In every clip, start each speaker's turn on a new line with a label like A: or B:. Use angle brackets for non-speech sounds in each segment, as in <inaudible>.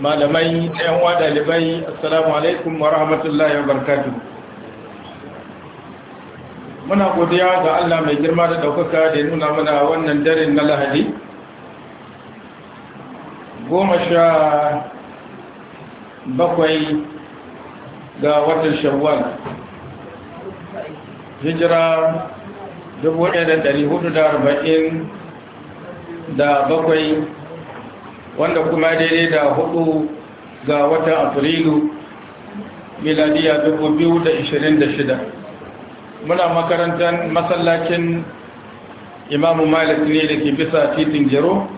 A: malamai ɗayan wa ɗalibai assalamu alaikum wa rahmatullahi wa barkatu muna godiya ga Allah mai girma da ɗaukaka da ya nuna mana wannan daren na lahadi goma sha bakwai ga watan shawwal hijira da bakwai. wanda kuma daidai da hudu ga watan afrilu miladiya 2026 muna makarantar masallacin imamu malik ne da ke bisa titin jero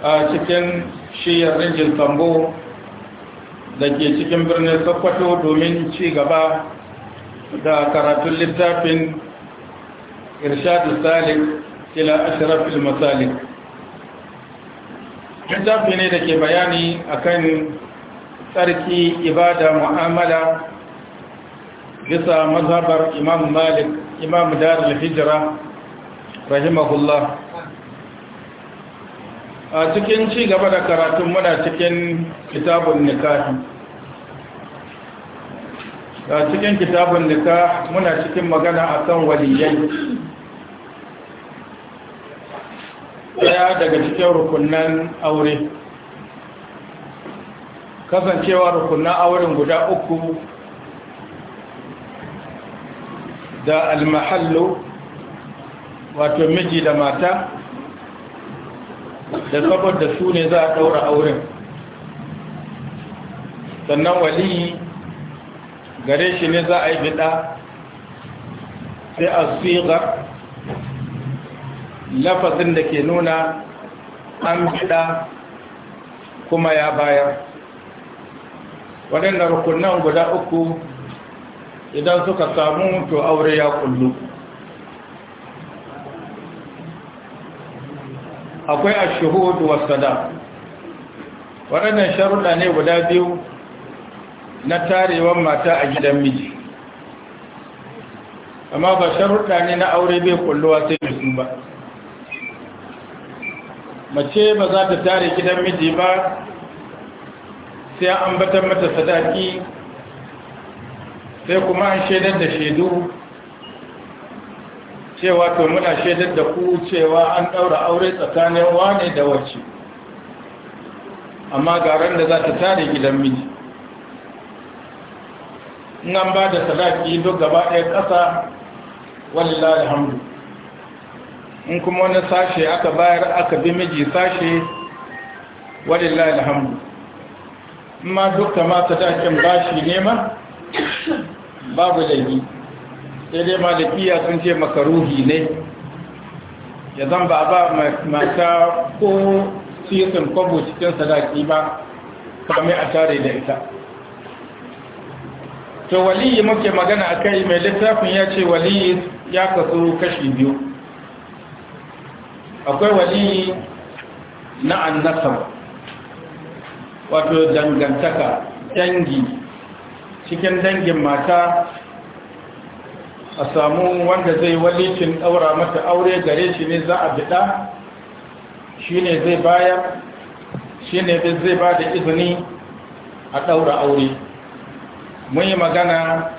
A: a cikin shiyar rinjin tambo da ke cikin birnin sokoto domin ci gaba da karatun littafin irshadu salik ila ashirafil masalik littafi ne da ke bayani akan tsarki ibada mu'amala bisa mazhabar imam malik imam darul hijira rahimahullah a cikin ci gaba da karatun muna cikin kitabun nikahi a cikin kitabun nikah muna cikin magana akan waliyai daya daga cikin rukunan aure kasancewa rukunan auren guda uku da almahallo wato miji da mata da saboda su ne za a daura auren sannan waliyi gare shi ne za a yi fiɗa sai a sigar lafazin da ke nuna an fiɗa kuma ya bayar waɗanda rukunan guda uku idan suka samu to aure ya kullu akwai ashuhudu wasada waɗannan sharuɗa ne guda biyu na tarewan mata a gidan miji amma ba sharuɗa ne na aure bai kulluwa sai da ba mace ba za ta tare gidan miji ba sai an batar mata sadaki sai kuma an shaidar da shaidu cewa to muna shaidar da ku cewa an ɗaura aure tsakanin wane da wace amma garan da za ta tare gidan miji in an ba da sadaki duk gaba ɗaya ƙasa wallahi hamdu. in kuma wani sashe aka bayar aka bi miji sashe walillahi alhamdu ma duk kamata dakin bashi nema babu laifi sai dai malakiya sun ce makaruhi ne ya zan ba ba mata ko sisin kwabo cikin sadaki ba kame a tare da ita to waliyi muke magana a kai mai littafin ya ce waliyi ya kasu kashi biyu akwai wani na annasar wato dangantaka dangi cikin dangin mata a samu wanda zai walicin daura mata aure gare shi ne za a biɗa shi ne zai bayar shi ne zai ba da izini a daura aure mun yi magana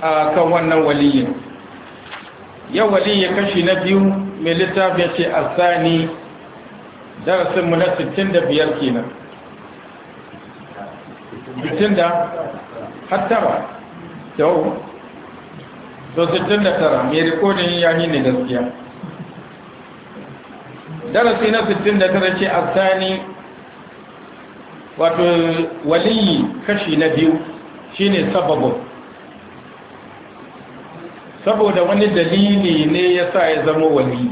A: a kan wannan waliyin yau waliyin kashi na biyu mai littafi ya ce asani darasinmu na 65 kenan sittin da hattara yau so 69 mai rikodin yanyi ne gaskiya darasi na 69 ce asani wato waliyi kashi na biyu shine sababu saboda wani dalili ne ya sa ya zama wali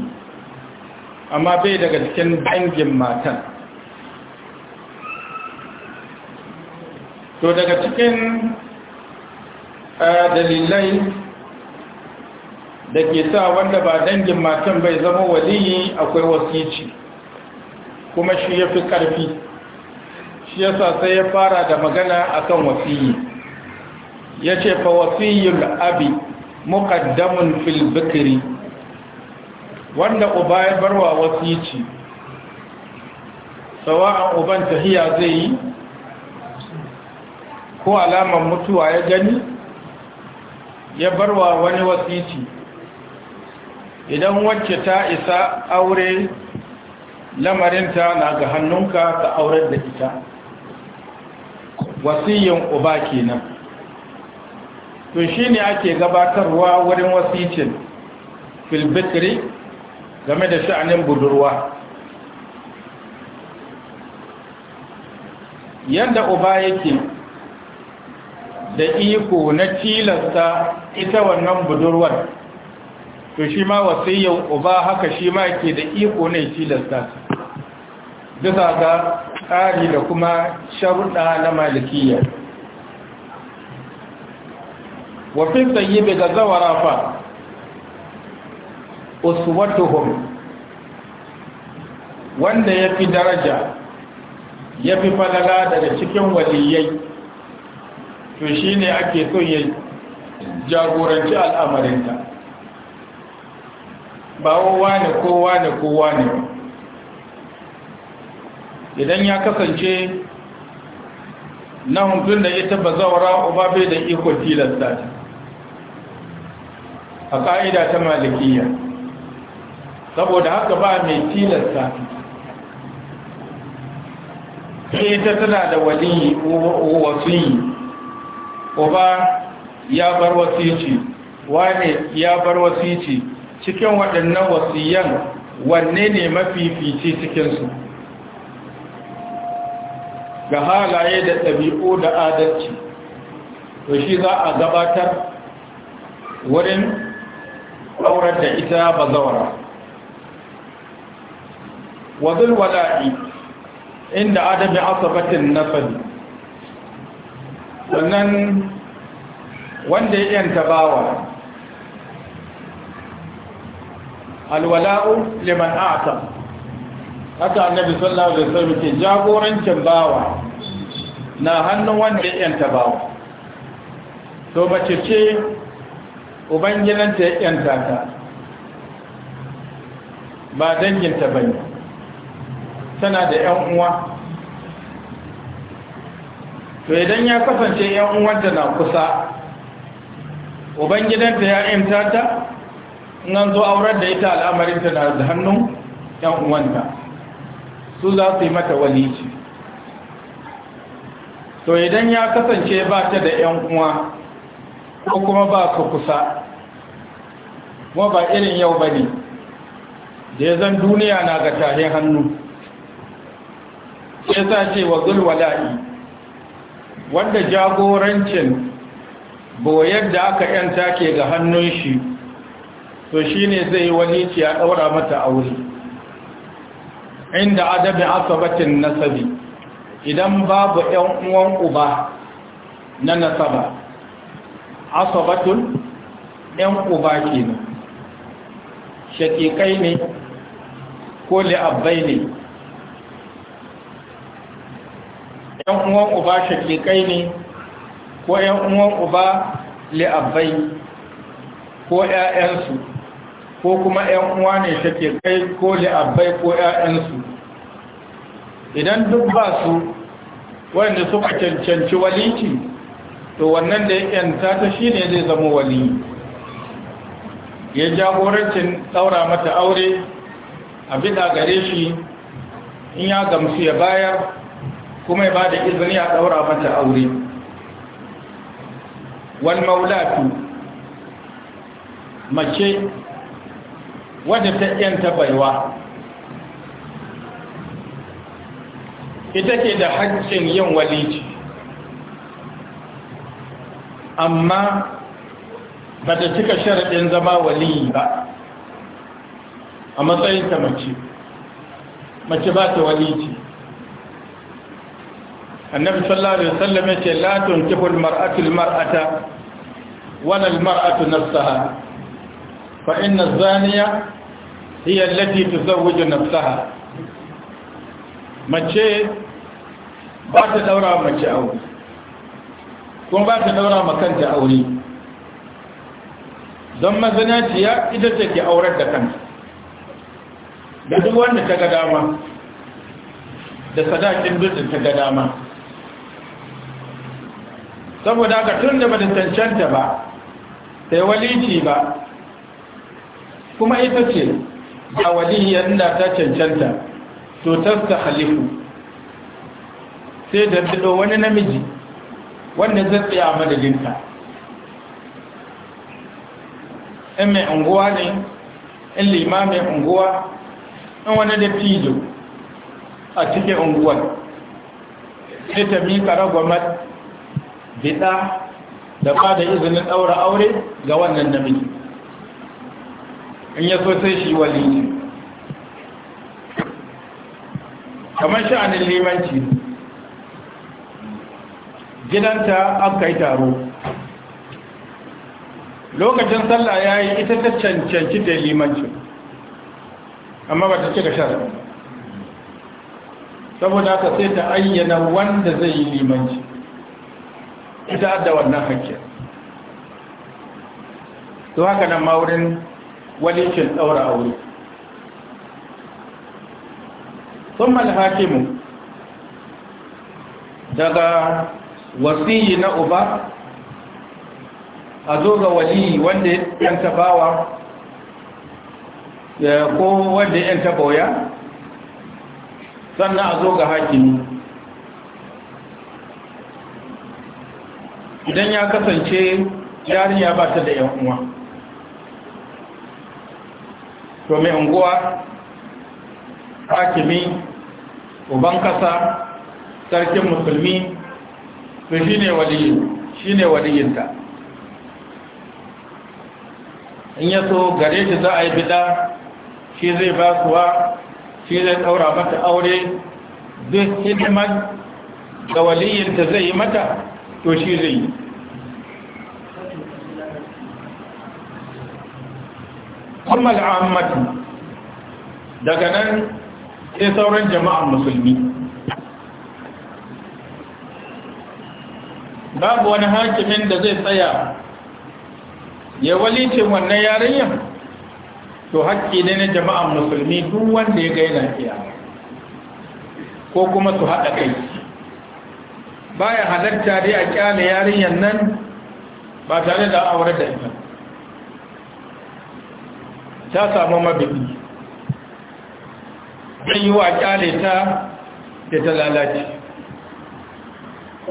A: amma bai daga cikin dangin matan to daga cikin dalilai da ke sa wanda ba dangin matan bai zama waliyi akwai wasici kuma shi ya fi ƙarfi shi ya sa sai ya fara da magana akan wasiyi ya ce fa wasiyul abi muqaddamun fil bikri wanda uba ya barwa wasici sawa'an uban tahiya zai yi ko alamar mutuwa ya gani ya barwa wani wasici idan wacce ta isa aure lamarinta na ga hannunka ta aurar da ita wasiyin uba kenan to shi ne ake gabatarwa wurin wasicin filbitri game da sha'anin budurwa yadda uba yake da iko na tilasta ita wannan budurwar to shi ma wasiyyar uba haka shi ma ke da iko na tilasta bisa ga tsari da kuma sharuɗa na malikiyar wafin tsayibe ga zawara fa uswatuhum wanda ya fi daraja ya fi falala daga cikin waliyyai, to shi ne ake son ya jagoranci al'amarinta ba kowa ne kowa ne kowa ne idan ya kasance na huntun da ita ba zaura uba bai da iko tilasta ta a ƙa'ida ta malikiya saboda haka ba mai tilasta ta tana da waliyi wasiyi uba ya bar wasici wane ya bar wasici cikin waɗannan wasiyan wanne ne mafifici cikinsu ga halaye da ɗabi'u da adalci to shi za a gabatar wurin aurar da ita bazawara wazul wala'i inda adami asabatin nasali sannan wanda ya yanta bawa alwala'u liman a'ta haka annabi sallallahu alaihi wasallam ke jagorancin bawa na hannun wanda ya yanta bawa to mace ce ubangidanta ya ƙyanta ta ba danginta ba ne tana da 'yan uwa to idan ya kasance 'yan uwanta na kusa ubangidanta ya ƙyanta ta nan zo auren da ita al'amarinta na da hannun 'yan uwanta su za su yi mata ce. to idan ya kasance ba ta da 'yan uwa ko kuma ba ka kusa kuma ba irin yau ba ne da ya zan duniya na ga tare hannu ya sa ce wa zulwala'i wanda jagorancin boyar da aka yanta ke ga hannun shi to shi ne zai wani ya ɗaura mata aure inda adabin asabatin nasabi idan babu ‘yan uwan uba na nasaba asobatul ɗan uba kenan shaƙiƙai ne ko li'abbai ne ɗan uwan uba shaƙiƙai ne ko ɗan uwan uba li'abbai ko ‘ya'yansu ko kuma ‘yan uwa ne shaƙiƙai ko li'abbai ko ‘ya'yansu idan duk ba su wanda suka cancanci walici to wannan da ya yanta ta shi ne zai zama wali ya jagorancin tsaura mata aure a bida gare shi in ya gamsu ya bayar kuma ya ba da izini a ɗaura mata aure wal maulatu mace wadda ta yanta baiwa ita ke da haƙƙin yin walici amma ba ta cika sharaɗin zama waliyi ba a matsayinta ta mace mace ba ta walici annabi sallallahu alaihi wasallam ya ce la tunkihu almar'atu almar'ata wala almar'atu nafsaha fa inna az hiya allati tuzawwiju nafsaha mace ba ta daura mace aure kuma ba ta daura ma kanta aure don mazanaciya ita ce ke aurar da kanta da duk wanda ta ga dama da sadakin birnin ta ga dama saboda ka tun da cancanta ba yi walici ba kuma ita ce a waliyar da ta cancanta to ta halifu sai da wani namiji Wannan zai tsaya a madadinta in mai unguwa ne in lima mai unguwa in wani dattijo a cikin unguwa sai ta miƙa ragwamar bita da ba da izinin ɗaura aure ga wannan namiji in ya so sai shi wali kamar sha'anin limanci gidanta an kai taro lokacin sallah ya yi ita ta cancanci da limancin amma ba ta ce ga shara saboda haka sai ta ayyana wanda zai yi limanci ita adda wannan hakki to haka nan ma wurin walicin daura aure sun malhakimu daga wasiyi na uba a zo ga wali wanda yan tabawa ko wanda yan taboya sannan a zo ga hakimi idan ya kasance yarinya ba ta da yan uwa to mai unguwa hakimi uban kasa sarkin musulmi to shi ne waliyin ne waliyinta in ya so gare shi za a yi fita shi zai ba kuwa shi zai daura mata aure duk hidimar da waliyinta zai yi mata to shi zai yi kuma al'ammatu daga nan sai sauran jama'an musulmi babu wani hakimin da zai tsaya ya walice wannan yarinyar to haƙƙi ne na jama'an musulmi duk wanda ya gaina iya ko kuma su haɗa kai baya halatta dai a kyale yarinyar nan ba tare da aure da ita ta samu mabibi zai yi wa kyale ta da ta lalace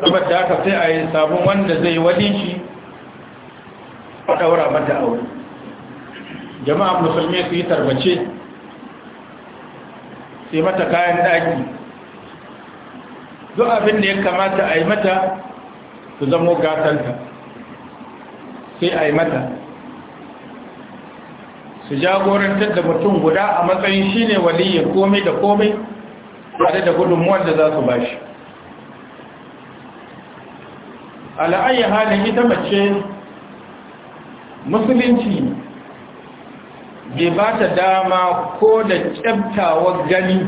A: da aka sai a yi sabon wanda zai wadin shi a daura mata aure jama'a musulmi su yi tarbace sai mata kayan ɗaki. duk abin da ya kamata a yi mata su zamo gatanta sai a yi mata su jagorantar da mutum guda a matsayin shine waliyyar komai da komai tare da gudunmuwan da za su bashi ala'ayi halin ita mace musulunci bai ba ta dama ko da kyabtawar gani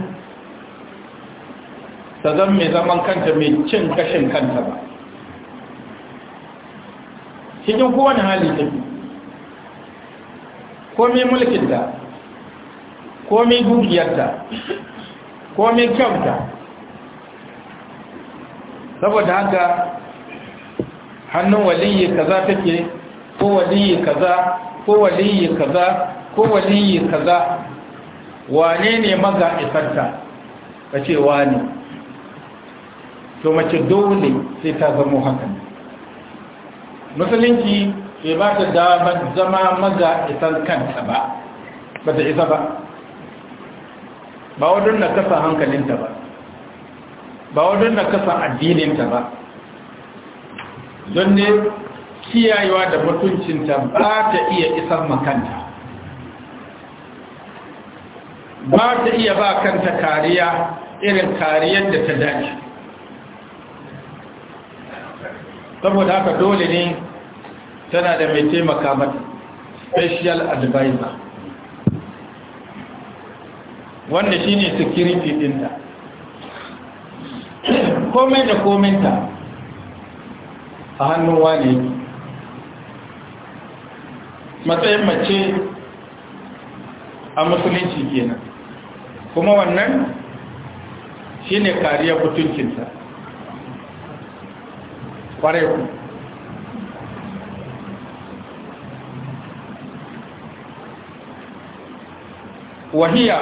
A: ta zan mai zaman kanta mai cin kashin kanta ba cikin kowane hali tafi komi mulkinta komi dukiyarta komi kyauta saboda haka hannun waliyyi kaza take ko waliyyi kaza ko waliyyi kaza ko waliyyi kaza wane ne maga isarta ka ce wane to mace dole sai ta zama hakan musulunci bai ba ta damar zama maga isar kanta ba ba ta isa ba ba wadanda na kasa hankalinta ba ba wadanda na kasa addininta ba don ne kiyayewa da mutuncinta ba ta iya isar makanta ba ta iya ba kanta kariya irin kariyar da ta dace saboda haka dole ne tana da mai taimaka mata special advisor wanda shine security dinta komai da kominta a hannun wane matsayin mace a musulunci kenan kuma wannan shi ne kariyar mutuncinta ƙwarewa wahiya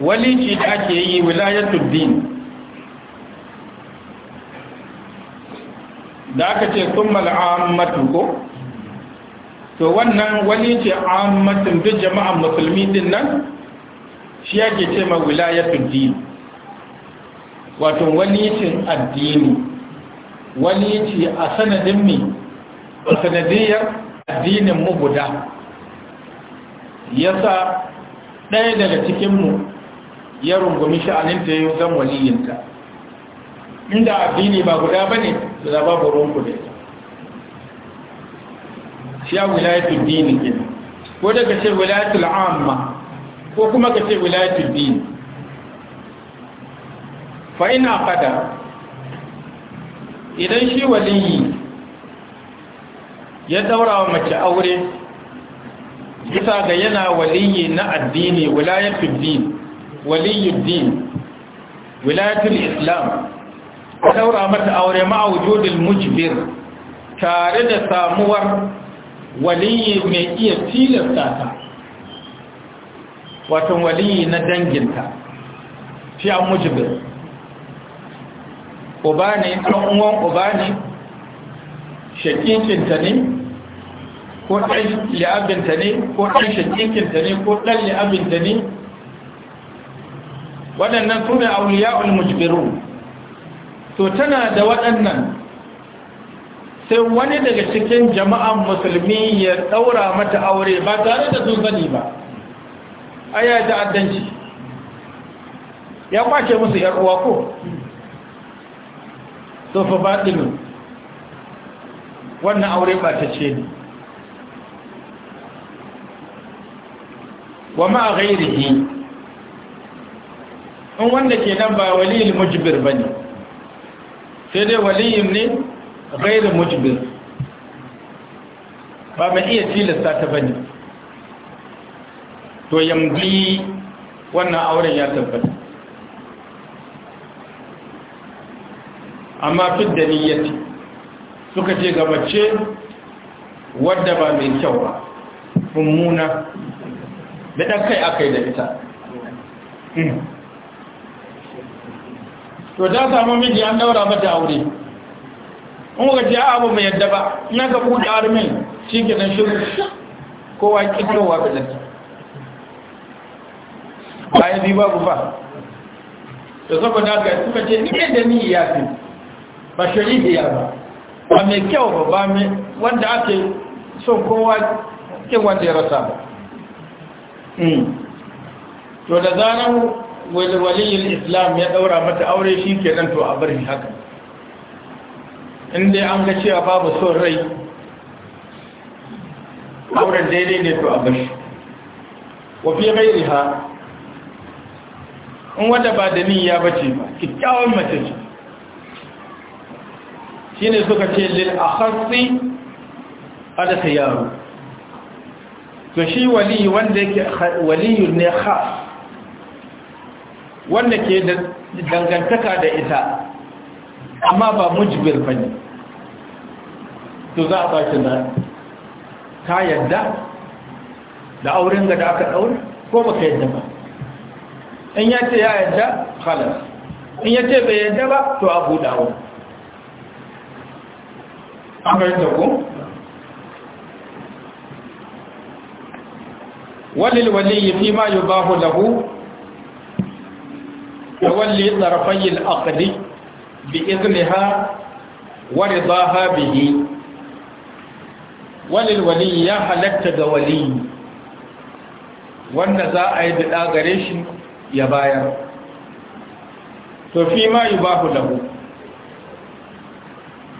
A: walici da ake yi wilayatul din da aka ce summal ammatu ko to wannan wani ce ammatin duk jama'an musulmi din nan shi yake ce ma wilayatul din wato wani ce addini wani ce a sanadin mi a sanadiyar addinin mu guda yasa ɗaya daga cikinmu ya rungumi sha'aninta ya yi zan waliyinta inda addini ba guda ba ne da za babu ruwan ku da shi ya wilayatul dini ke ko daga ce wilayatul amma ko kuma ka ce wilayatul dini fa ina fada idan shi waliyi ya daura wa mace aure bisa ga yana waliyi na addini wilayatul dini waliyyud din wilayatul islam ta daura mata aure ma'a wujudul mujbir tare da samuwar waliyi mai iya tilasta ta wato waliyi na danginta shi an mujibir uba ne ɗan'uwan uba ne shakikinta ne ko ɗan li'abinta ne ko ɗan shakikinta ne ko ɗan li'abinta ne waɗannan su ne auliya'ul mujibirun to tana da waɗannan sai wani daga cikin jama'an musulmi ya ɗaura mata aure ba tare da zuzani ba a ya ta'addanci ya kwace musu uwa ko sofa baɗinu wannan aure ba ta ce ne wa ma'a gairihi in wanda ke nan ba walil mujibir ba ne sai dai waliyin ne gairin mujibin ba mai iya tilasta ta bane to yamgi wannan auren ya tabbata amma fit da niyyati suka ce gabace wadda ba mai kyau ba mummuna da ɗan kai aka yi da ita hmm. to ta samu miji an daura mata aure in kuka ce abu mai yadda ba na ka buɗe armin shi ke nan shirin kowa ƙirƙirwa ga nan yi biyu babu ba da saboda ka suka ce ne da ni ya fi ba shari'a ba ba mai kyau ba ba mai wanda ake son kowa ƙin wanda ya rasa ba hmm. to da zanen waliyin islam ya daura mata aure shi ke nan to a bari haka inda an ga cewa babu son rai auren daidai ne to a bari wafi mai riha in wanda ba da niyya ba ce ba kyakkyawan mace ce shi ne suka ce lil a hatsi a da yaro to shi waliyu wanda yake waliyu ne khas wanda ke dangantaka da ita amma ba mujibir ba ne to za a baki na ka yadda da auren ga da aka daure ko ba ka yadda ba in ya ce ya yadda halar in ya ce bai yadda ba to a buɗa wa an yadda ko walil waliyyi fi ma yubahu lahu tawalli tsarfayin aqdi bi izniha wa ridaha bihi walil wali ya halatta ga wali wanda za a yi bida gare shi ya bayar to fi bahu lahu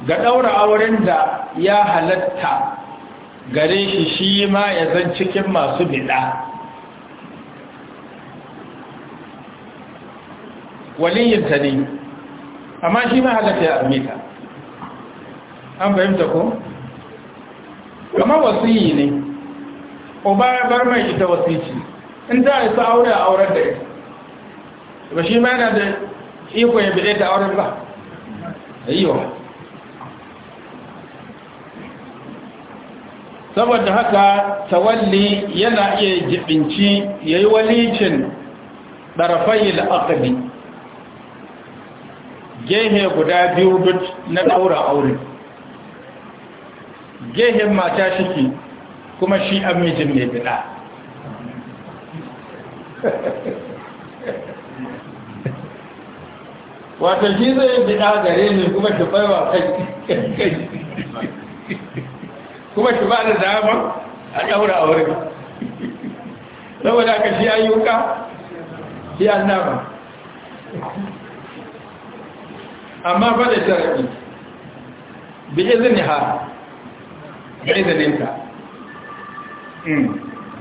A: ga daura auren da ya halatta gare shi shi ma ya zan cikin masu biɗa. waliyinta ne amma shi ma halatta ya amita an fahimta ko? kama wasiyi ne Oba ya bar mai ita wasici in ta isa aure a auren da ita shi ma yana da iko ya bide ta auren ba ayyuwa saboda haka tawalli yana iya jibinci ya yi walicin ɗarafai la'akali gehe guda biyu duk na ɗaura aure gehen mata shiki kuma shi an mijin mai bida wato shi zai bida gare ne kuma shi baiwa kai kuma shi ba da dama a ɗaura aure saboda ka shi ayyuka shi annaba amma ba da sharaɗi bi izini ha da izininta hmm.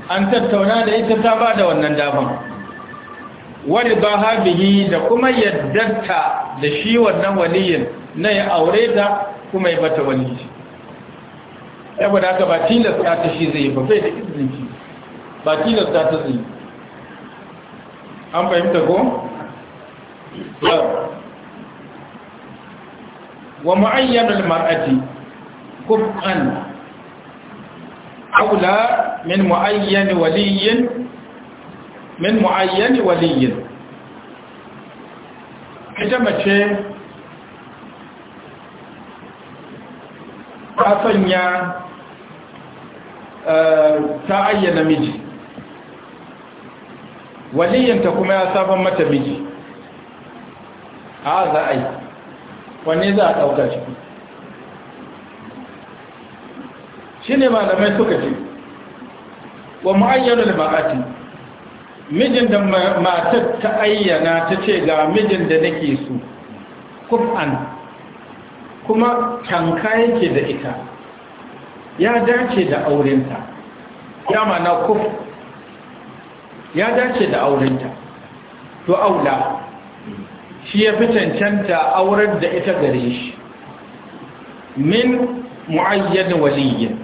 A: an tattauna da ita ta ba da wannan daman wani ba ha bihi da kuma yaddarta da shi wannan waliyin na ya aure ta kuma ya bata waliyi da haka ba tilasta ta shi zai ba bai da izinin shi ba tilasta ta zai an fahimta ko? ومعين المرأة كفءا أولى من معين ولي من معين ولي كما تفنيا آه، تعين مجي ولي تكون يا صاحب متى مجي هذا أي wanne za a ɗauka ciki shi ne malamai suka ce wa ma'ayyanar ma'ati mijin da matar ta ayyana ta ce ga mijin da nake su kuf'an kuma tanka yake da ita ya dace da aurenta ya mana kuf ya dace da aurenta to aula shi ya fi cancanta aurar da ita gare shi min mu'ayyana waliyyin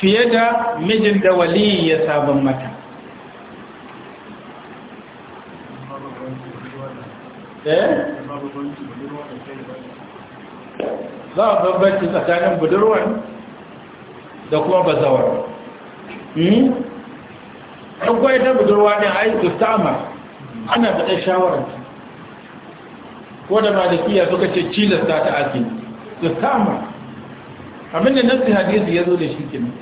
A: fiye da mijin da waliyi sabon mata eh? za a babbanci tsakanin budurwan da kuma bazawar hmm? akwai ta budurwa ne a yi ana da ɗan shawararta ko da malikiya suka ce cilasta ta ake da sama abinda nasi hadisi ya zo da shi kenan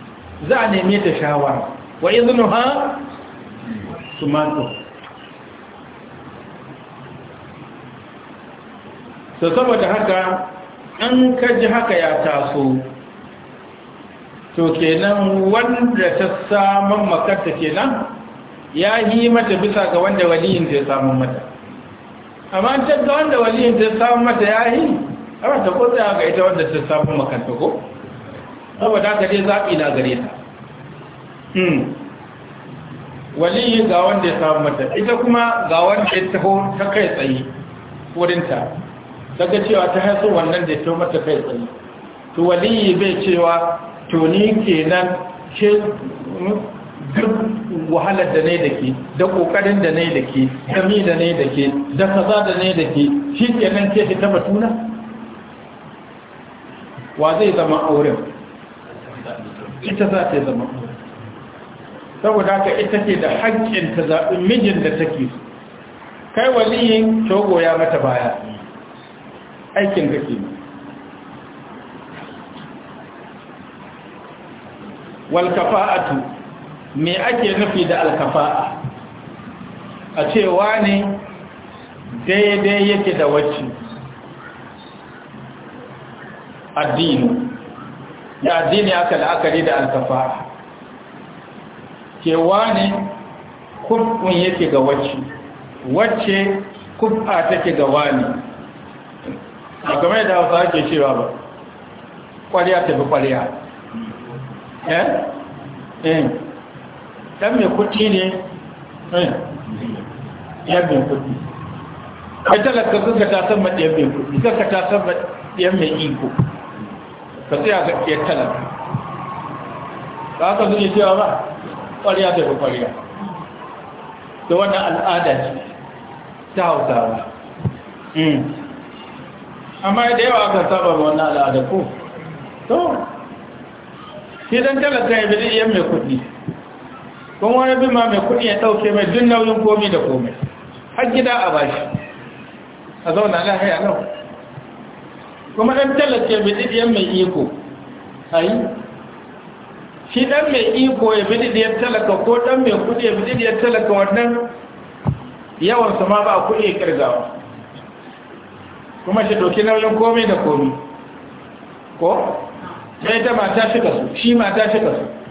A: za a neme ta shawara wa izinu ha su mato saboda haka an kaji haka ya taso to kenan wanda ta samun makarta kenan ya yi mata bisa ga wanda waliyin zai ya samun mata amma an tagga wanda waliyin ta samu mata yayi amma ta ta ga ita wanda ta samu makanta ko saboda ta dai zaɓi na gare ta hmm. waliyi ga wanda ya samu mata ita kuma ga wanda ya taho ta kai tsaye wurinta daga cewa ta haiso wannan da ya taho mata kai tsaye to waliyi bai cewa to ni kenan ke duk wahalar da ne da ke da kokarin da ne da ke da da ne da ke da kaza da ne da ke shi ke nan ke ta batuna wa zai zama auren
B: ita za ta zama
A: auren saboda haka ita ke da haƙƙin ta zaɓi mijin da take kai waliyin togo ya mata baya aikin da ke tu. me ake nufi da alkafa'a a cewa ne daidai yake da wacce addini da addini aka la'akari da alkafa'a cewa ne kubun yake ga wacce wacce kubba take ga wani a game da hausa ake cewa ba kwariya tafi kwariya eh? eh Ɗan mai kuɗi ne eh. yan mai kuɗi kai talaka kanka ta san maɗiyar mai kuɗi kanka ta san maɗiyar mai iko ka tsaya ga ɗiyar talaka ba ka zuke cewa ba ƙwariya da ƙwariya da wannan al'ada ce ta hausawa hmm. amma da yawa aka saba wannan al'ada ko to sai dan talaka ya bi yan mai kuɗi Kuma wani bin ma mai kuɗi ya ɗauke mai duk nauyin komi da komai har gida a bashi a zauna lahaya nau kuma ɗan talace bai ɗiɗiyar mai iko a yi shi ɗan mai iko ya bi ɗiɗiyar talaka ko ɗan mai kuɗi ya bi ɗiɗiyar talaka wannan yawansa ma ba a kuɗi ya ƙirgawa kuma shi doki nauyin komai da komai ko sai ta mata shi kasu shi mata shi kasu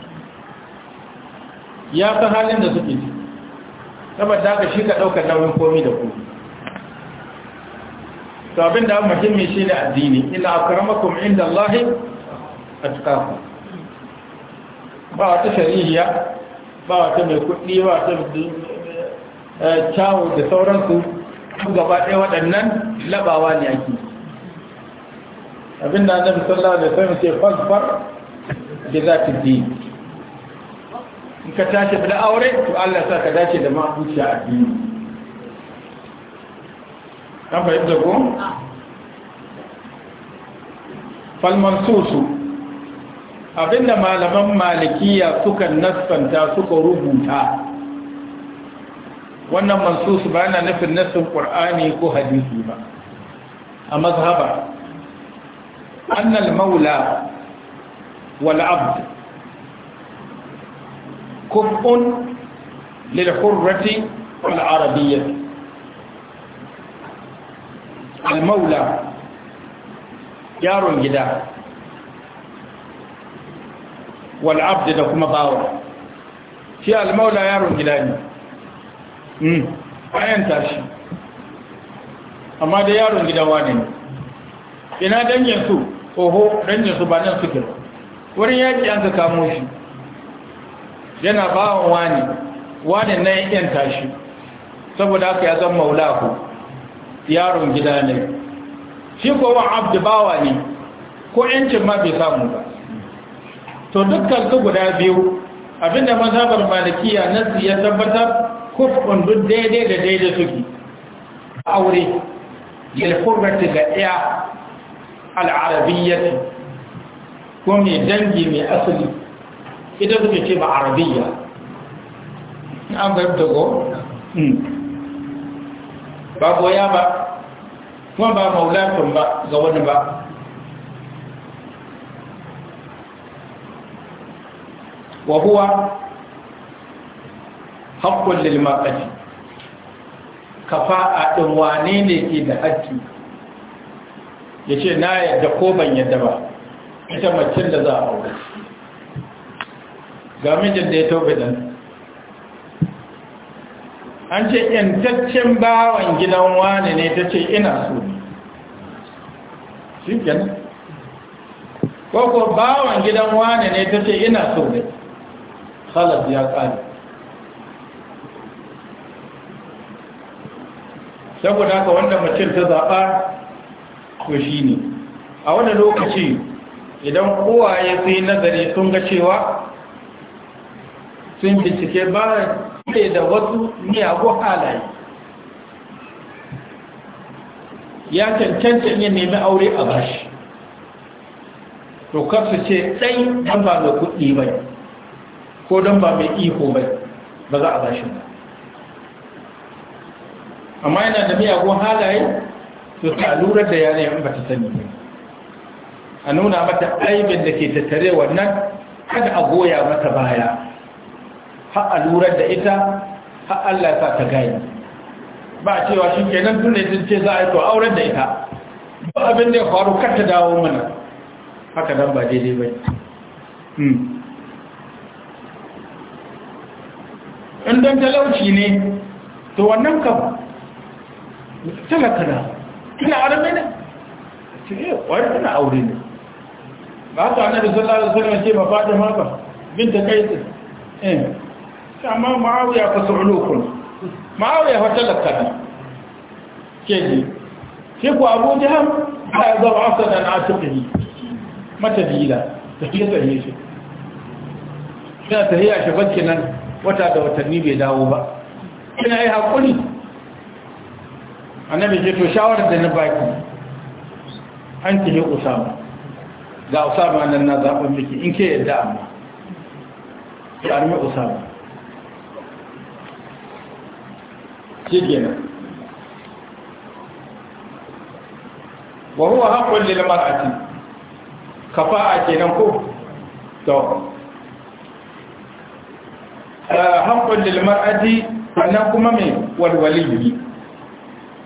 A: ya san halin da suke ci saboda haka shi ka ɗaukar nauyin komi da komi to abin da muhimmi shi ne addini ila akramakum inda Allah a ba wata shari'a ba wata mai kuɗi ba wata cawo eh, da sauransu gaba ɗaya waɗannan labawa ne ake abin da annabi sallallahu alaihi wasallam ce fasfar za zati in ka tashi da aure to Allah sa ka dace da mabuciya addini an fahimta ko susu, abinda malaman malikiya suka nasfanta suka rubuta wannan mansusu ba yana nufin nassin ƙur'ani ko hadisi ba a mazhaba annal maula wal كفء للحرة العربية المولى يار جدا والعبد لكم باور في المولى يار جدا امم bayan tashi amma da yaron gidan wani ne ina danyen su oho danyen su ba nan suke wurin yaki an ka kamo shi yana bawan wani wani na tashi saboda haka ya zama maulaku yaron gida ne shi kowa abdu bawa ne ko yancin ma bai samu ba to dukkan su guda biyu abinda mazhabar malikiya nasu ya tabbatar kuf'un duk daidai da daidai suke aure yalfurrati ga ɗaya al'arabiyyati ko mai dangi mai asali idan suke ce ba arabiya an fahimta ko? Hmm. ba goya ba kuma ba maulatun ba ga wani ba wa huwa haƙƙun lilmaƙaci kafa'a a wane ne ke da haƙƙi ya ce na yadda ko ban yadda ba ita macin da za a aure ga mijin da ya tobe ɗan an ce ‘yantaccen bawan gidan wani ne ta ce ina su ne shi kenan koko bawan gidan wani ne ta ce ina su ne Salas ya ƙari saboda haka wanda mutum ta zaɓa ko shi ne a wani lokaci idan kowa ya sai nazari sun ga cewa sun bincike ba ne da wasu miyagun halaye ya cancanta ne nemi aure a bashi to kasu ce tsayi don ba da kuɗi bai ko don ba mai iko bai ba za a bashi ba amma yana da miyagun halaye to ta lura da yanayin ba ta sani ba a nuna mata aibin da ke tattare wannan kada a goya mata baya har a lura da ita har Allah ta gani ba cewa shi kenan tun da sun ce za a yi to auren da ita ba abin da ya faru kar ta dawo mana haka nan ba daidai ba hmm. in don talauci ne to wannan kam talaka na ina arme ne ce yi eh, wani ina aure ne ba ka ana da sallar da sallar ce ba fata haka, binta kai eh amma ma'awiya fa su'ulukun ma'awiya fa talaka ne ke ji sai ku abu jihar ba ya zama ta asuƙi mata dila da ke tsaye shi suna ta hiyar shi bakin nan wata da watanni bai dawo ba suna yi haƙuri annabi ke to shawarar da na baki an ki yi usama ga usama nan na zaɓen miki in ke yadda amma ya armi usama shi kenan wa huwa haqqun lil mar'ati kafa'a kenan ko to eh, haqqun lil mar'ati sannan kuma me walwali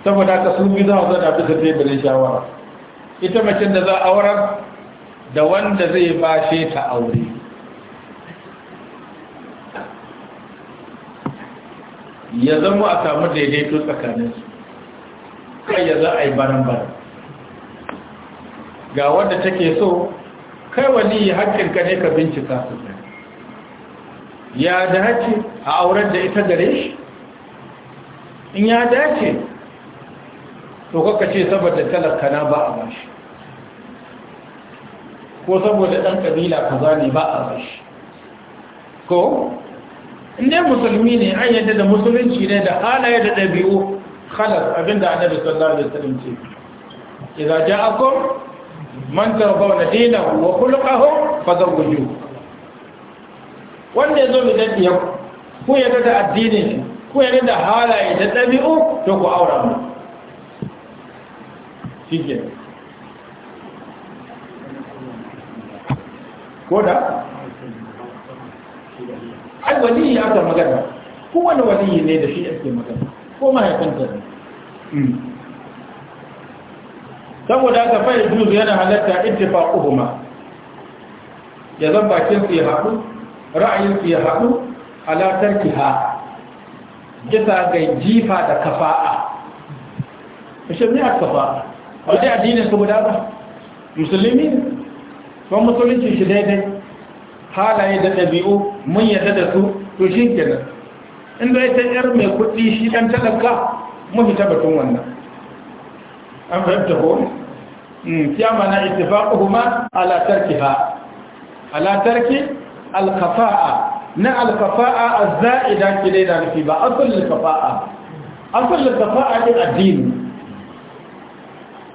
A: saboda ka su bi za su da bisa teburin shawara ita mace da za a aurar da wanda zai bashe ta aure ya zama a samu daidaito tsakaninsu kai ya za a yi baran-baran ga wanda take so kai wani ka ne ka bincika su ya dace a auren da ita gare shi in ya dace to kaka ce saboda talaka na ba a bashi ko saboda ɗan ƙabila kaza ne ba a bashi ko in dai musulmi ne an yadda da musulunci ne da halaye da ɗabi'u khalas abinda annabi sallallahu alaihi wasallam ce idza ja'akum man na dina wa khulquhu fazawwiju wanda yazo da ya ku yadda da addini ku yadda da halaye da ɗabi'u to ku aura mu shike ko da ai waliyi aka magana wani waliyi ne da shi ake magana ko mahaifanta ne hmm. saboda haka fa yajuz yana halatta ittifaquhuma ya zan bakin su ya haɗu ra'ayin su ya haɗu ala tarkiha kisa ga jifa da kafa'a shi ne kafa'a wajen addinin su guda ba musulmi ne ba musulunci shi daidai halaye da ɗabi'u mun yadda da su to shi kenan in da ita yar mai kuɗi shi ɗan talaka mun fita batun wannan an fahimta ko hmm, kiyama na ittifaquhuma ala tarkiha ala tarki alkafa'a na alkafa'a az-za'ida kidai da nufi ba asal alkafa'a asal alkafa'a din addini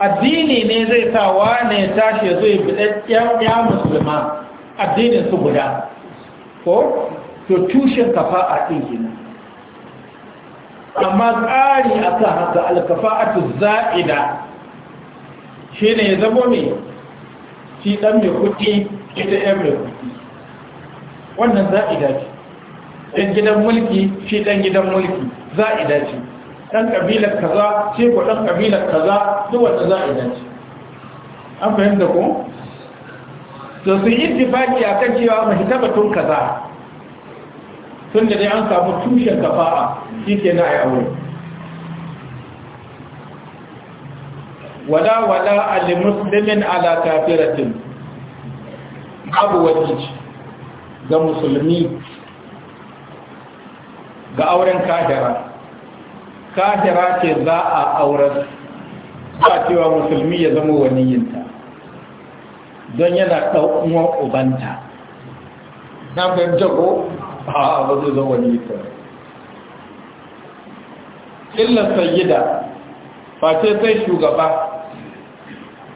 A: addini ne zai sa wane tashi zai bi ɗan ya musulma addinin su guda ko to tushen kafa'a ɗin gina amma ƙari a kan haka alkafa'atu za'ida shi ne ya zama ne? shi ɗan mai kuɗi ita ɗan mai kuɗi wannan za'ida ce ɗan gidan mulki shi ɗan gidan mulki za'ida ce ɗan ƙabilar kaza ce ko ɗan ƙabilar kaza duk wata za'ida ce an fahimta ko to su yi difaki a kan cewa mahitabatun kaza tun da dai an samu tushen kafa'a shi ke na yawo wala wala alimuslimin ala kafiratin abu wajici ga musulmi ga auren kahira kahira ce za a auren ba cewa musulmi ya zama waliyinta don yana ɗau'uwan ubanta na fahimta ko a ba zama ne ta illa sayyida face sai shugaba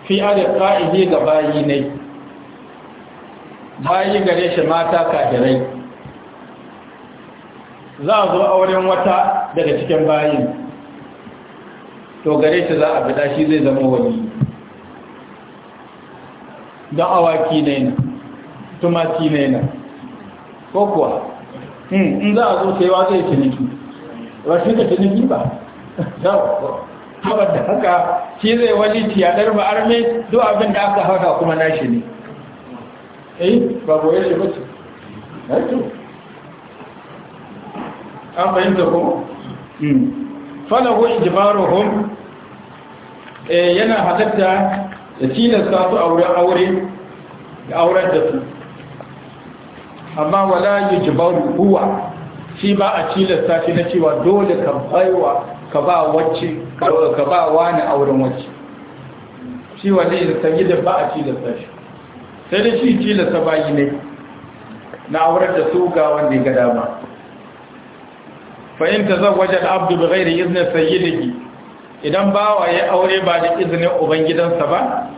A: fi ada ka'ihe ga bayi ne bayi gare shi mata kafirai za a zo auren wata daga cikin bayin to gare shi za a fida shi zai zama wani don awaki ne na tumaki ne na ko kuwa hmm, in za a zo wa zai ciniki ba shi ka ciniki ba saboda haka shi zai wani tiyadar ba arme duk abin da aka haka kuma nashi ne eh ba goye shi ba ce an fahimta ko hmm. falahu ijibaruhun eh, yana halatta ya tilasta su aure aure da auren da su amma wala yi jibar huwa shi ba a tilasta shi na cewa dole ka baiwa ka ba wacce ka ba wani auren wacce shi wani ya sanyi da ba a tilasta shi sai da shi tilasta bayi ne na auren da su ga wanda ya ga dama fa'in ta zan wajen abdu bi ghairi da sayyidihi idan bawa ya aure ba da izinin ubangidansa ba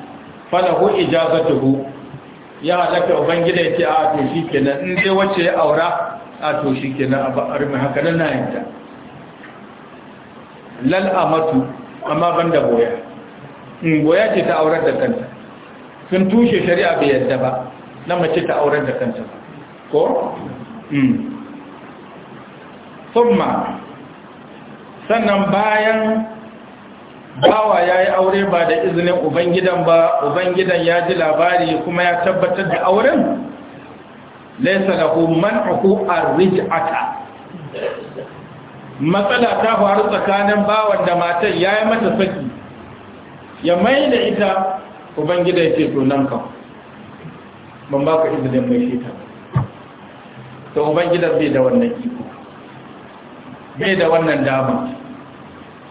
A: falahu ijazatuhu ya halatta ubangida ya ce a to shi kenan in dai wacce ya aura a to shi kenan a ba'ar mai haka nan na yanta amatu amma ban da goya in mm, goya ce ta aurar da kanta sun tushe shari'a bai yadda ba na mace ta aurar da kanta ba ko? summa mm. sannan bayan bawa ya yi aure ba da izinin ubangidan ba ubangidan ya ji labari kuma ya tabbatar da auren laisa lahu man'uhu arrij'ata matsala ta faru tsakanin bawan da matan ya yi mata saki ya mai da ita ubangida ya ce to nan kan ban ba ku izinin mai shita to ubangidan bai da wannan iko bai da wannan damar.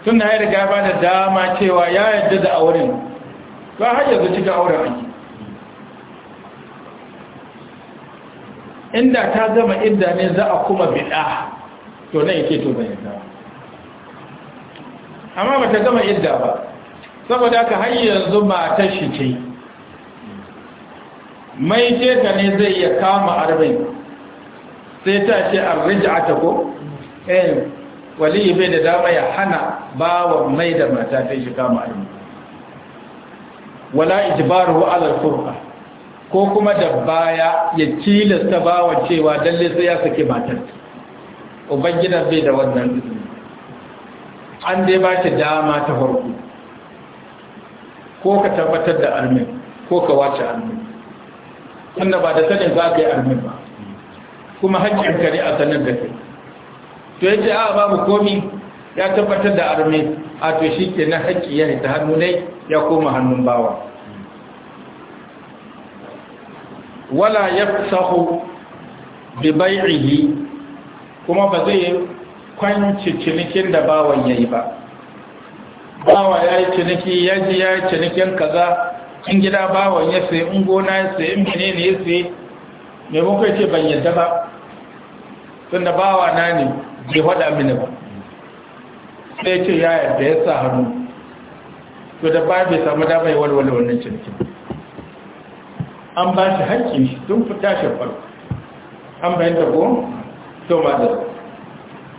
A: tun da ya riga ba da dama cewa ya yadda da auren ba har yanzu cikin auren ake inda ta zama inda ne za a kuma bid'a to nan yake to bai ta. amma ba ta gama idda ba saboda ka har yanzu matar shi ce mai ce ne zai ya kama arba'in sai ta ce ta ko eh waliyi bai da dama ya hana bawa mai da mata ta shiga kama wala ijbaru ala furqa ko kuma da baya ya tilasta bawa cewa dalle sai ya sake matar ubangida bai da wannan izini an dai ba ta dama ta farko ko ka tabbatar da armin ko ka wace armin tunda ba da sanin za ka yi armin ba kuma haƙƙinka kare a sanin da kai to yace a babu komi ya tabbatar da arme a to shike na haƙi ya ta hannu ne ya koma hannun bawa wala yafsahu bi bai'ihi kuma ba zai kwanci cinikin da bawan yayi ba bawa ya yi ciniki ya ji ya yi cinikin kaza in gida bawan ya sai in gona ya sai in menene ya sai mai muka ce ban yadda ba tunda bawa na ne bai hada mini ba sai ce ya yarda ya sa hannu to da ba bai samu dama yi walwala wannan ciniki an ba shi haƙƙin shi tun fita shi farko an bayan da ko to ba da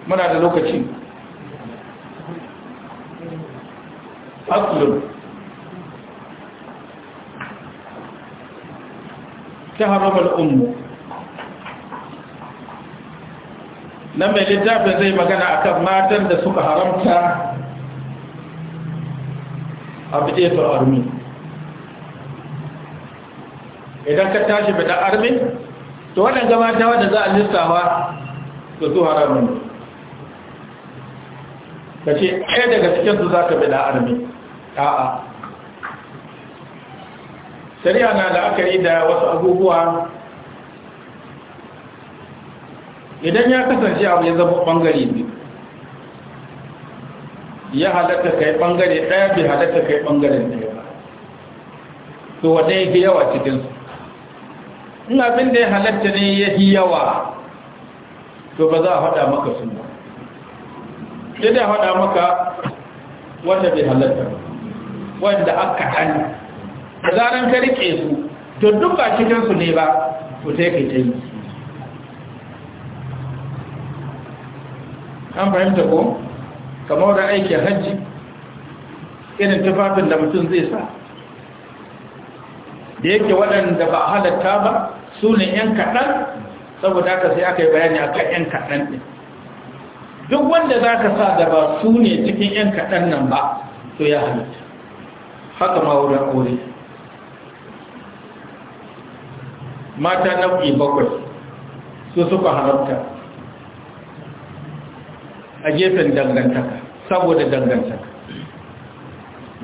A: muna da lokaci aklun ta haramar umu nan mai littafin zai magana a kan matan da suka haramta a bidetar armi idan ka tashi bidan armi to waɗanda mata wadda za a lissawa da su haramun ka ce ɗaya daga cikinsu za ka bidan armi a'a shari'a na la'akari da wasu abubuwa idan ya kasance abu ya zama bangare biyu ya halatta kai bangare daya bai halatta kai bangaren daya ba to wadda yake yawa cikin su in abin da ya halatta ne ya yi yawa to ba za a faɗa maka sun ba sai da faɗa maka wanda bai halatta wanda aka an da zaran ka rike su to duka cikin su ne ba to sai ka yi an fahimta ko kamar da aikin hajji irin tufafin da mutum zai sa da yake waɗanda ba halatta ba su ne 'yan kaɗan saboda haka sai aka yi bayani a kan 'yan kaɗan ɗin duk wanda za ka sa da ba su ne cikin 'yan kaɗan nan ba to ya halitta haka ma wurin mata nau'i bakwai su suka halatta a gefen dangantaka saboda dangantaka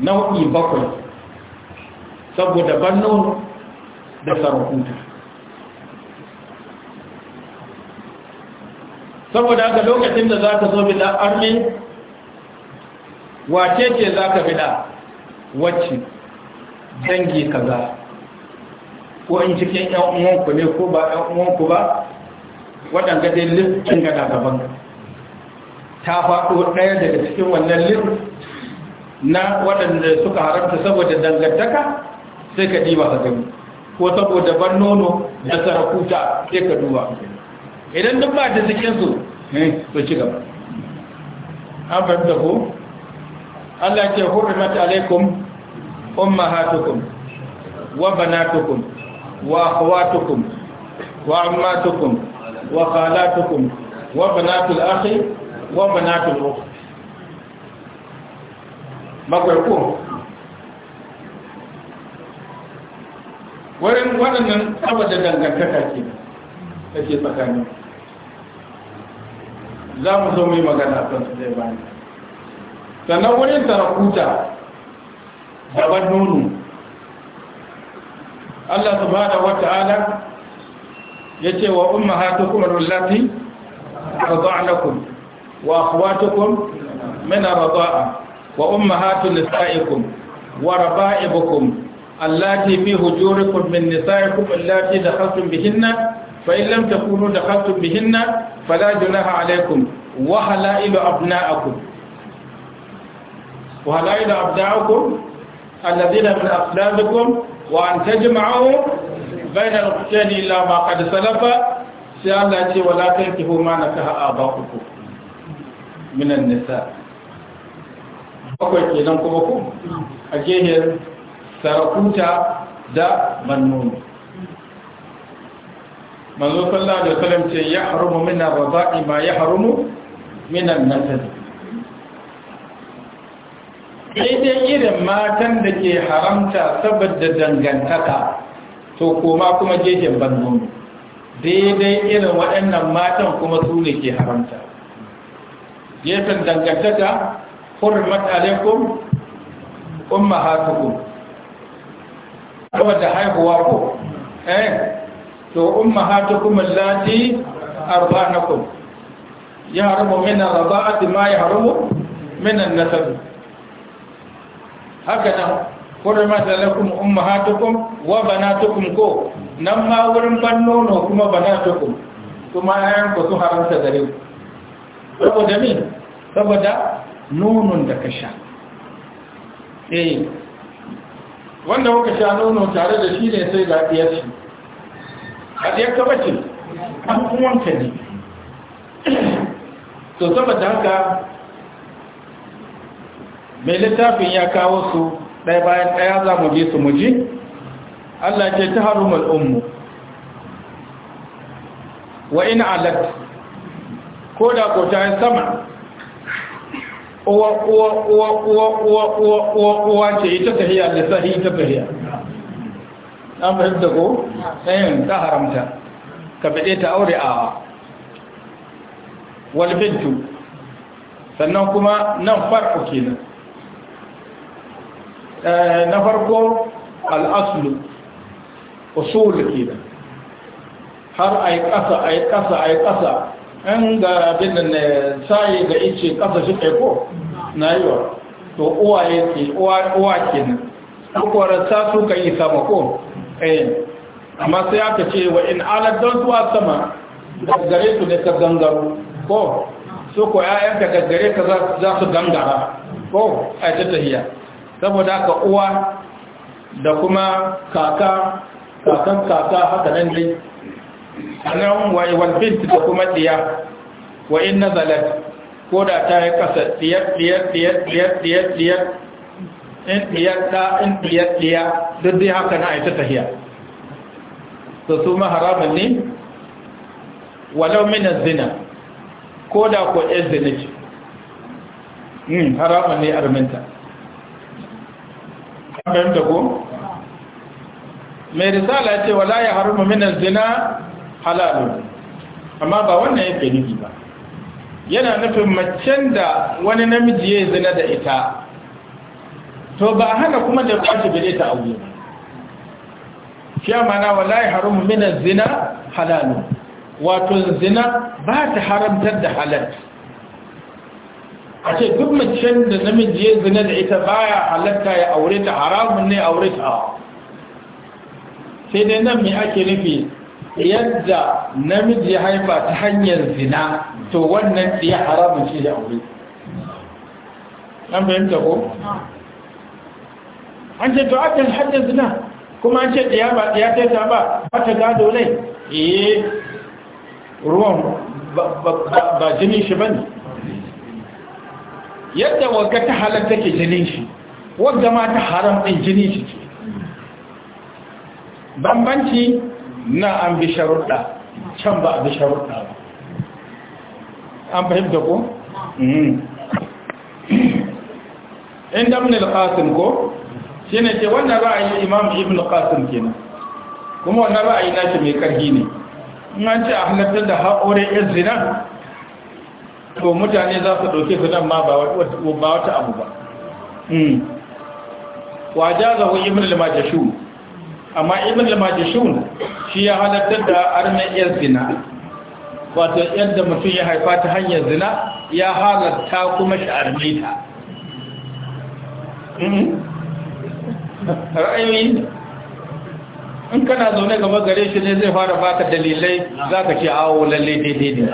A: nau'i bakwai saboda bannon da sarakuta saboda haka lokacin da za ka zo bida armi wace ce za ka bida wacce dangi za ko in cikin 'yan uwanku ne ko ba 'yan uwanku ba waɗanda dai listin gada gaban ta faɗo ɗaya daga cikin wannan lir na waɗanda suka haramta saboda dangantaka sai ka ɗiba ka gani ko saboda ban nono da sarakuta sai ka duba idan duk ba da cikinsu eh, to ci gaba an fahimta ku Allah ce hurrimat alaikum ummahatukum wa banatukum wa akhawatukum wa ammatukum wa khalatukum wa banatul akhi wa banatuhu bakwai ko wurin waɗannan abada dangantaka ce ta ke tsakani za mu zo mai magana kan su zai bani sannan wurin tarakuta daban nono Allah subhanahu wata'ala ya ce wa umma hatu kuma rullati a za'anakun وأخواتكم من الرضاعة وأمهات نسائكم وربائبكم اللاتي في هجوركم من نسائكم اللاتي دخلتم بهن فإن لم تكونوا دخلتم بهن فلا جناح عليكم وحلائل أبناءكم وحلائل أبناءكم الذين من أصلابكم وأن تجمعوا بين الأختين إلا ما قد سلف سيالتي ولا تنكحوا ما نكح آباؤكم minan nisa bakwai kenan kuma ku a gehen sarakuta da mannuni manzo sallallahu alaihi wasallam ce ya harumu minna wa razai ma ya harumu Minan an-nasab dai irin matan da ke haramta saboda dangantaka to koma kuma gehen mannuni daidai irin waɗannan matan kuma su ne ke haramta gefen dangantaka hurmat alaikum ummahatukum saboda haihuwa ko eh to ummahatukum allati arbanakum yahrumu min ar-rada'ati ma yahrumu min an-nasab haka nan hurmat alaikum ummahatukum wa banatukum ko nan ma wurin ban nono kuma banatukum kuma ayan ku su haramta gare ku saboda min saboda nonon da ka sha eh wanda kuka sha nono tare da shi ne sai lafiyar shi a ɗaya ka bace an uwanka ne to saboda haka mai littafin ya kawo su ɗaya bayan ɗaya za mu je su mu ji Allah ce ta harumar ummu wa ina alat ko da ko ta sama uwa uwa uwa uwa uwa uwa uwa uwa ce ita tahiya da sahi ita tahiya an fahimta ko ɗayan eh, ta haramta ka faɗe ta aure a walbintu sannan kuma nan farko kenan eh, na farko al'aslu usul kenan har a yi ƙasa a yi ƙasa a yi ƙasa an ga abin da eh, saye ga ice kasa shi kai ko na yi wa to uwa ya ke uwa ke nan kukwara ta su ka yi sama ko eh amma sai aka ce wa in alar don zuwa sama gare su ne ka gangaro ko su ko ya'yanka gare ka za su gangara ko a ta tahiya saboda ka uwa da kuma kaka kakan kaka haka nan dai sannan wal bint da kuma diya wa in nazalat ko da ta yi kasa diyar diyar diyar diyar diyar diyar in diyar da in diyar diya duk dai haka na aita tahiya to su ma haramun ne walau min zina ko da ko zina ce mm haramun ne arminta an bayyana ko mai risala ce wala ya haramu min zina halalun amma ba wannan yake nufi ba yana nufin macen da wani namiji ya zina da ita to ba hana kuma da kwace bile ta aure ba shi amana wallahi haramu min zina halalun wato zina ba ta haramtar da halal a ce duk macen da namiji ya zina da ita baya halatta ya aure ta haramun ne aure ta sai dai nan me ake nufi yadda namiji ya haifa ta hanyar zina to wannan ya haramun shi da aure an fahimta ko? an ce to akan hanyar zina kuma an ce ya ba ta ba ba ta gado ne eh ruwan ba jinin shi ba ne yadda waka ta halatta ke jinin shi wadda ma ta haram ɗin jinin shi ce bambanci na an bi sharuɗa can ba a bi sharuɗa ba an fahimta ko? Mm-hmm. <clears throat> in damni al-qasim ko shi ne ce wannan ra'ayin imam ibn qasim kenan kuma wannan ra'ayi na shi mai ƙarfi ne in an ce a halartar da haƙorin yan zina to mutane za su ɗauke su nan ma ba wata abu ba mm. wa jazahu ibn al-majashu amma ibn al-majishun shi ya halartar da arna yan zina wato yadda mutum ya haifa ta hanyar zina ya halarta kuma shi arme ta hmm? ra'ayoyi in kana zaune gaba gare shi ne zai fara baka dalilai za ka ce awo lalle daidai ne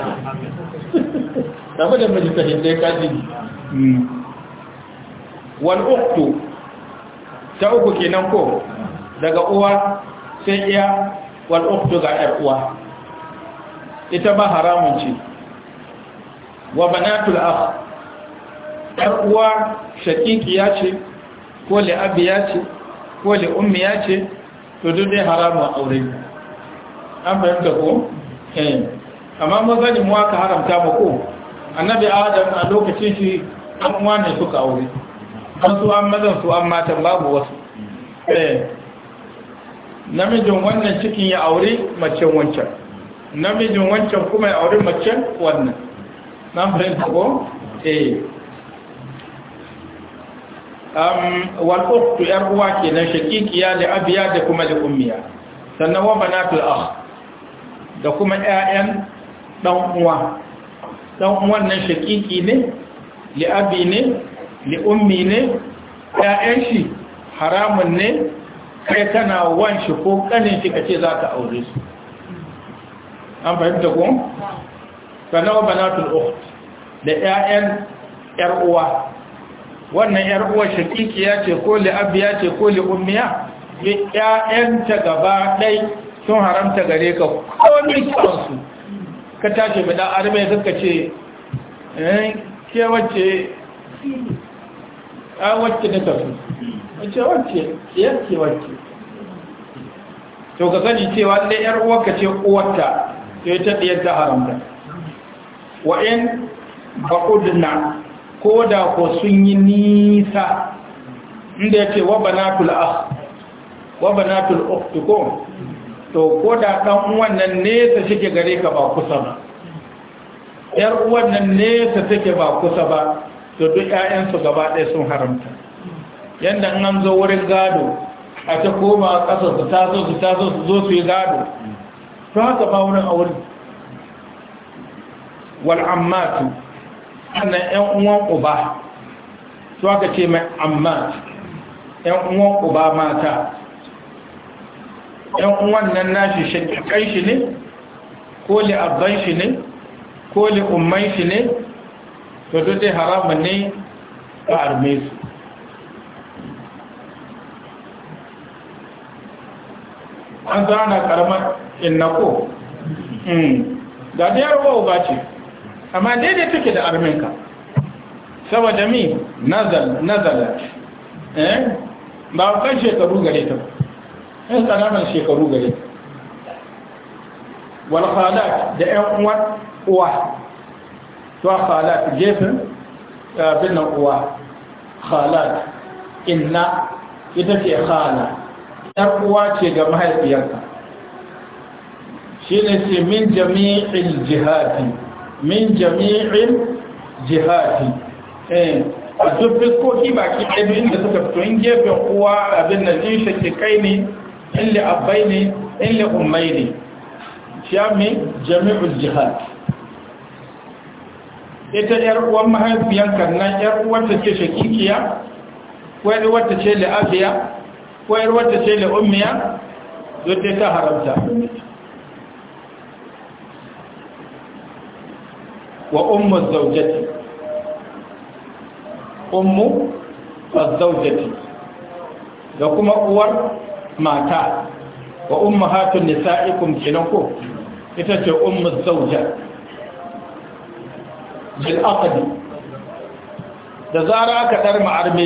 A: rabu da ka hindai kaji hmm. wal'uktu ta uku kenan ko daga uwa sai iya wal ukhtu ga yar uwa ita ba haramun ce wa banatul akh yar uwa ya ce ko li ya ce ko li ya ce to duk dai haramun aure an fahimta ko eh amma mun sani mu aka haramta ba ko annabi adam a lokacin shi an uwa suka aure an su an mazan su an matan babu wasu eh namijin wannan cikin ya aure macen wancan namijin wancan kuma ya aure macen wannan na fahimta ko eh um wal ukhtu yar uwa kenan shakikiya da abiya da kuma da ummiya sannan wa banatul akh da kuma ƴaƴan dan uwa dan uwan nan shakiki ne li abi ne li ummi ne ƴaƴan shi haramun ne kai tana wan shi ko kanin shi kace za ka aure su an fahimta ko sana wa banatul ukht da ƴaƴan ƴaruwa uwa wannan ƴaruwa uwa ya ce ko ya ce ko li'ummiya ƴaƴanta gaba ɗai sun haramta gare ka komai kansu ka tashi bada arme kaka ce eh ke wacce a wacce da tafi wacce wacce yake wacce to ka sani cewa ɗaya yar uwarka ce uwarta to ita da yadda haramta wa in ba'udna ko da ko sun yi nisa inda yake wa banatul akh wa banatul ukhti ko to ko da dan uwan nan nesa shike gare ka ba kusa ba yar uwan nan nesa take ba kusa ba to duk ƴaƴansu gaba ɗaya sun haramta yadda in an zo wurin gado a ta koma ƙasa su taso su taso su zo su yi gado to haka ba wurin aure wal ammatu sannan ƴan uwan uba to haka ce mai ammat ƴan uwan uba mata ƴan uwan nan nashi shakikai shi ne ko li abban shi ne ko li umman shi ne to duk dai haramun ne ka arme su an zana karamar innako da hmm. da yarwa ba ce amma daidai take da arminka saboda mi nazala eh ba kan shekaru gare ta in tsananan shekaru gare ta walhalat da 'yan uwa wa khalat gefen eh, bin nan uwa khalat inna ita ce khala yar uwa ce ga mahaifiyarka shine ce min jami'il jihati min jami'il jihadi eh a duk koki baki ɗaya inda suka fito in gefen uwa abin nan in kai ne in li abbai ne in li ummai ne shi jami'ul jihadi. ita yar uwan mahaifiyanka nan yar ta ce shakikiya ko yar ta ce la'afiya ko yar ta ce la'ummiya duk dai ta haramta wa ummu zawjati ummu zawjati da kuma uwar mata wa hatun nisa'ikum kenan ko ita ce ummu zawjati bil aqdi da zara aka dar ma'arme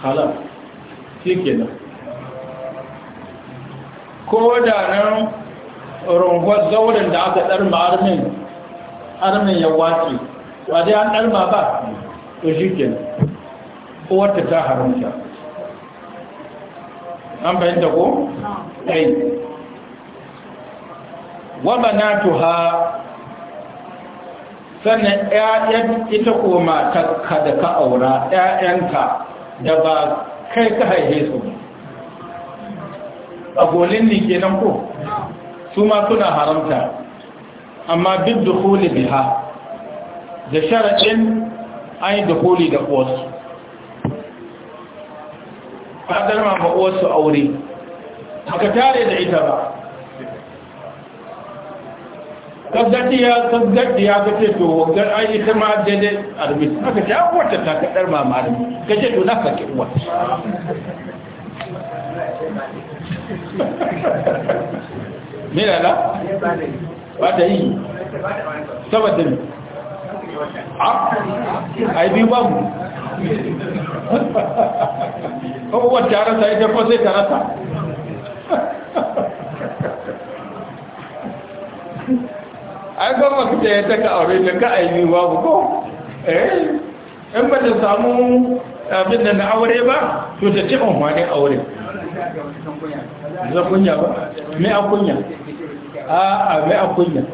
A: halal shikenan ko da nan rungon zaurin da aka dar ma'armin armin ya wace ba dai an dar ma ba to shikenan uwarta ta haramta an bayyanta ko? ɗai wa tuha. sannan ‘ya'yan ita ko matarka da ka aura ‘ya'yanka da ba kai ka haihe su a golin ne nan ko su ma suna haramta amma duk da holi biha da sharaɗin an yi da holi da uwarsu ƙadar ma uwarsu aure ka tare da ita ba kaggadiya kaggadiya ka ce to wangar an yi ta ma daidai armit aka ce an ah, wata ta kaɗar mamarin ka ce to na ka ki uwa
B: <laughs>
A: mera na? ba ta yi
B: saboda ne a ah, bi yi biyu babu <laughs> kowar ta rasa ita ko sai ta
A: rasa <laughs> ai ba ma fita ya taka aure da ka aini babu ko eh in ba ta samu abin da na aure ba to ta ce amfanin aure za kunya ba me a kunya a a me a kunya ba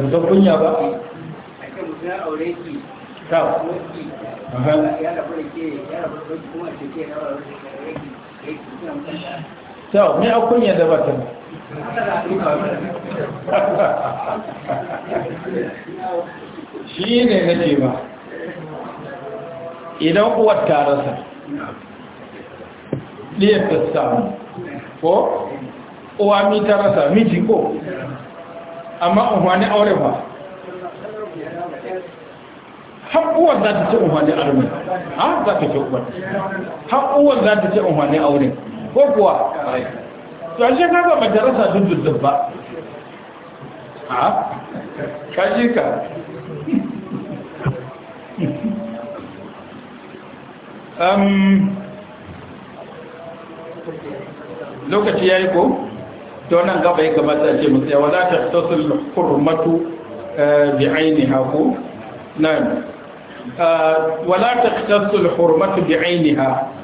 A: ta kunya ba ce ya aure kyau mai akwai yadda ba ta
B: shi ne na ba idan
A: uwar tarasa,
B: rasa
A: ɗiyar ta samu ko uwa mi ta miji ko amma umarni aure ba haƙuwar za ta ce umarni aure ha za ta ce umarni haƙuwar za ce umarni aure ko kuwa to an shi kaga ba darasa dundundun ba
B: ha ka ka
A: lokaci ya yi ko donan gaba ya gabata ce musu yawa za ta tasul kurmatu eh, bi ainiha ko na eh, wala ta tasul kurmatu bi ainiha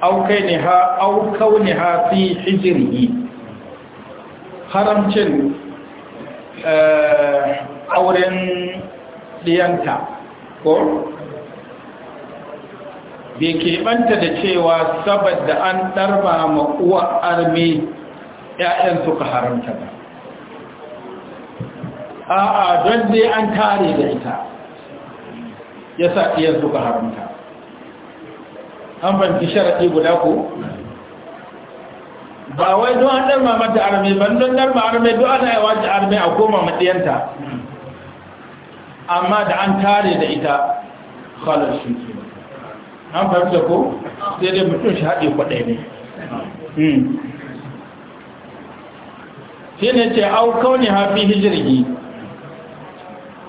A: au kainiha au kauniha fi hijrihi haramcin eh, auren ɗiyanta ko bai keɓanta da cewa saboda an ɗarba ma uwa armi ‘ya'yan suka haramta ba a'a don dai an tare da ita ya sa ɗiyar suka haramta an banci sharaɗi guda ko ba wai don an ɗarma mata arme ba don ɗarma arme don ana yawa da arme a koma matsayanta amma da an tare da ita halar shi an fahimta ko sai dai mutum shi haɗe kwaɗe ne hmm. shi ne ce au kauni hafi hijirgi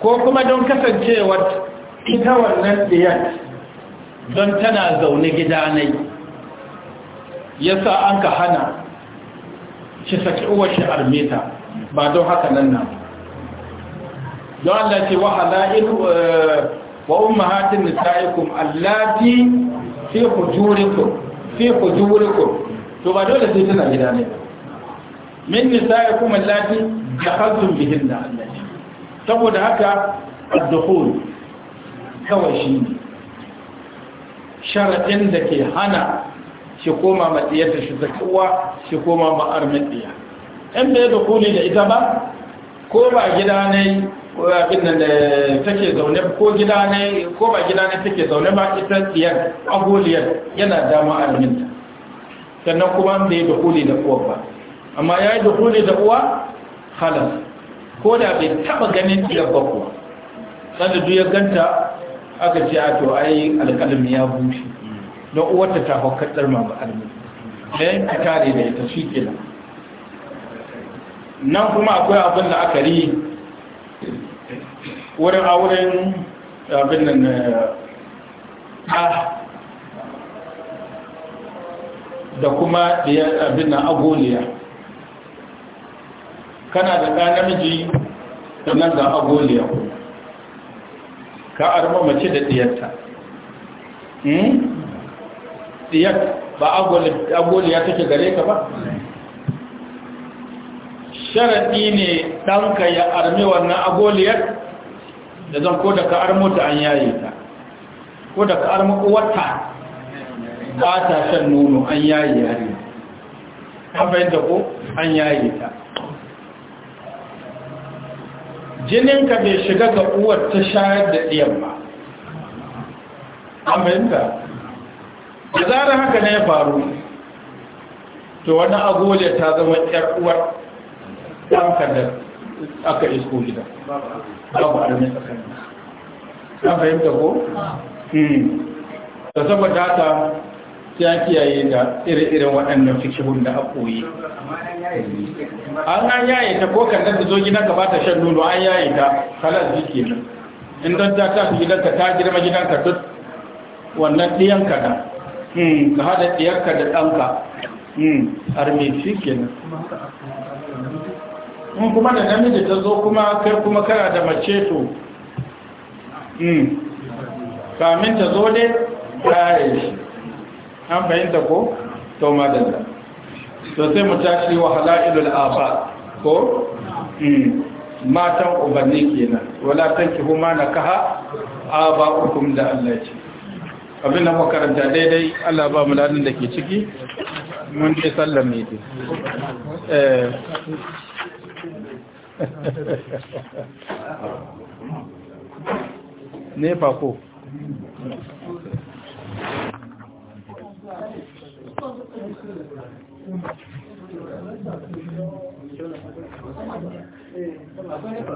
A: ko kuma don kasancewar ita wannan ɗiyar don tana zaune gidanai ya sa an ka hana shi saki uwar shi armeta ba don haka nan nan don Allah ce wa hala'il eh, wa ummahatin nisa'ikum allati fi hujurikum fi hujurikum to ba dole sai tana gidanai min da allati bihin da allati saboda haka ad-dukhul kawai shi ne sharaɗin da ke hana shi koma da shi zakawa shi koma ma'armin ɗiya in bai da kuli da ita ba ko ba gida ne abin da take zaune ko gida ne ko ba gida ne take zaune ba ita tsiyar agoliyar yana dama arminta sannan kuma bai da kuli da uwa ba amma ya yi da kuli da uwa halas ko da bai taɓa ganin ɗiyar ba kuwa sannan duk ya ganta aka ce a to ai alƙalmi ya bushe don uwata ta katsar ma ba almi na ka kare da ita shi ke nan kuma akwai abin da aka ri wurin auren abin nan eh, a da kuma abin nan agoliya kana da ɗan namiji sannan da agoliya kuma ka arma mace da diyarta diyar hmm? ba agoliya take gare ka ba sharaɗi ne ɗanka ya armi wannan agoliyar da zan ko da ka armo ta an yaye ta ko da ka armo uwarta ba ta shan nono an yaye yare an bayan da ko an yaye ta Jinin ka bai shiga ga uwar ta shayar da ɗiyan ba an fahimta da zarar haka ne ya faru to wani agole ta zama ƴar uwar ɗanka da aka isko gida babu armi tsakanin an fahimta ko? Hmm. da saboda ta ya kiyaye da ire-iren waɗannan fikihun da akoyi
B: an an yaye ta ko kan
A: da zo gida ka bata shan nono an yaye ta kalar jiki ne in don ta ta gidanka ta girma gidanka duk wannan ɗiyanka da hmm, ka haɗa ɗiyanka da ɗanka hmm, armeci kenan in kuma da namiji ta zo kuma kai kuma kana da mace to hmm, kamin ta zo dai ta yi shi an fahimta ko to ta to sai mu tashi wa halailul aba ko hmm. matan ubanni kenan wala tanki huma nakaha aba ukum da Allah ce abin da makaranta daidai Allah ba mu ladan da ke ciki mun ce sallame ne eh. <laughs> ne fa ko
B: Gracias.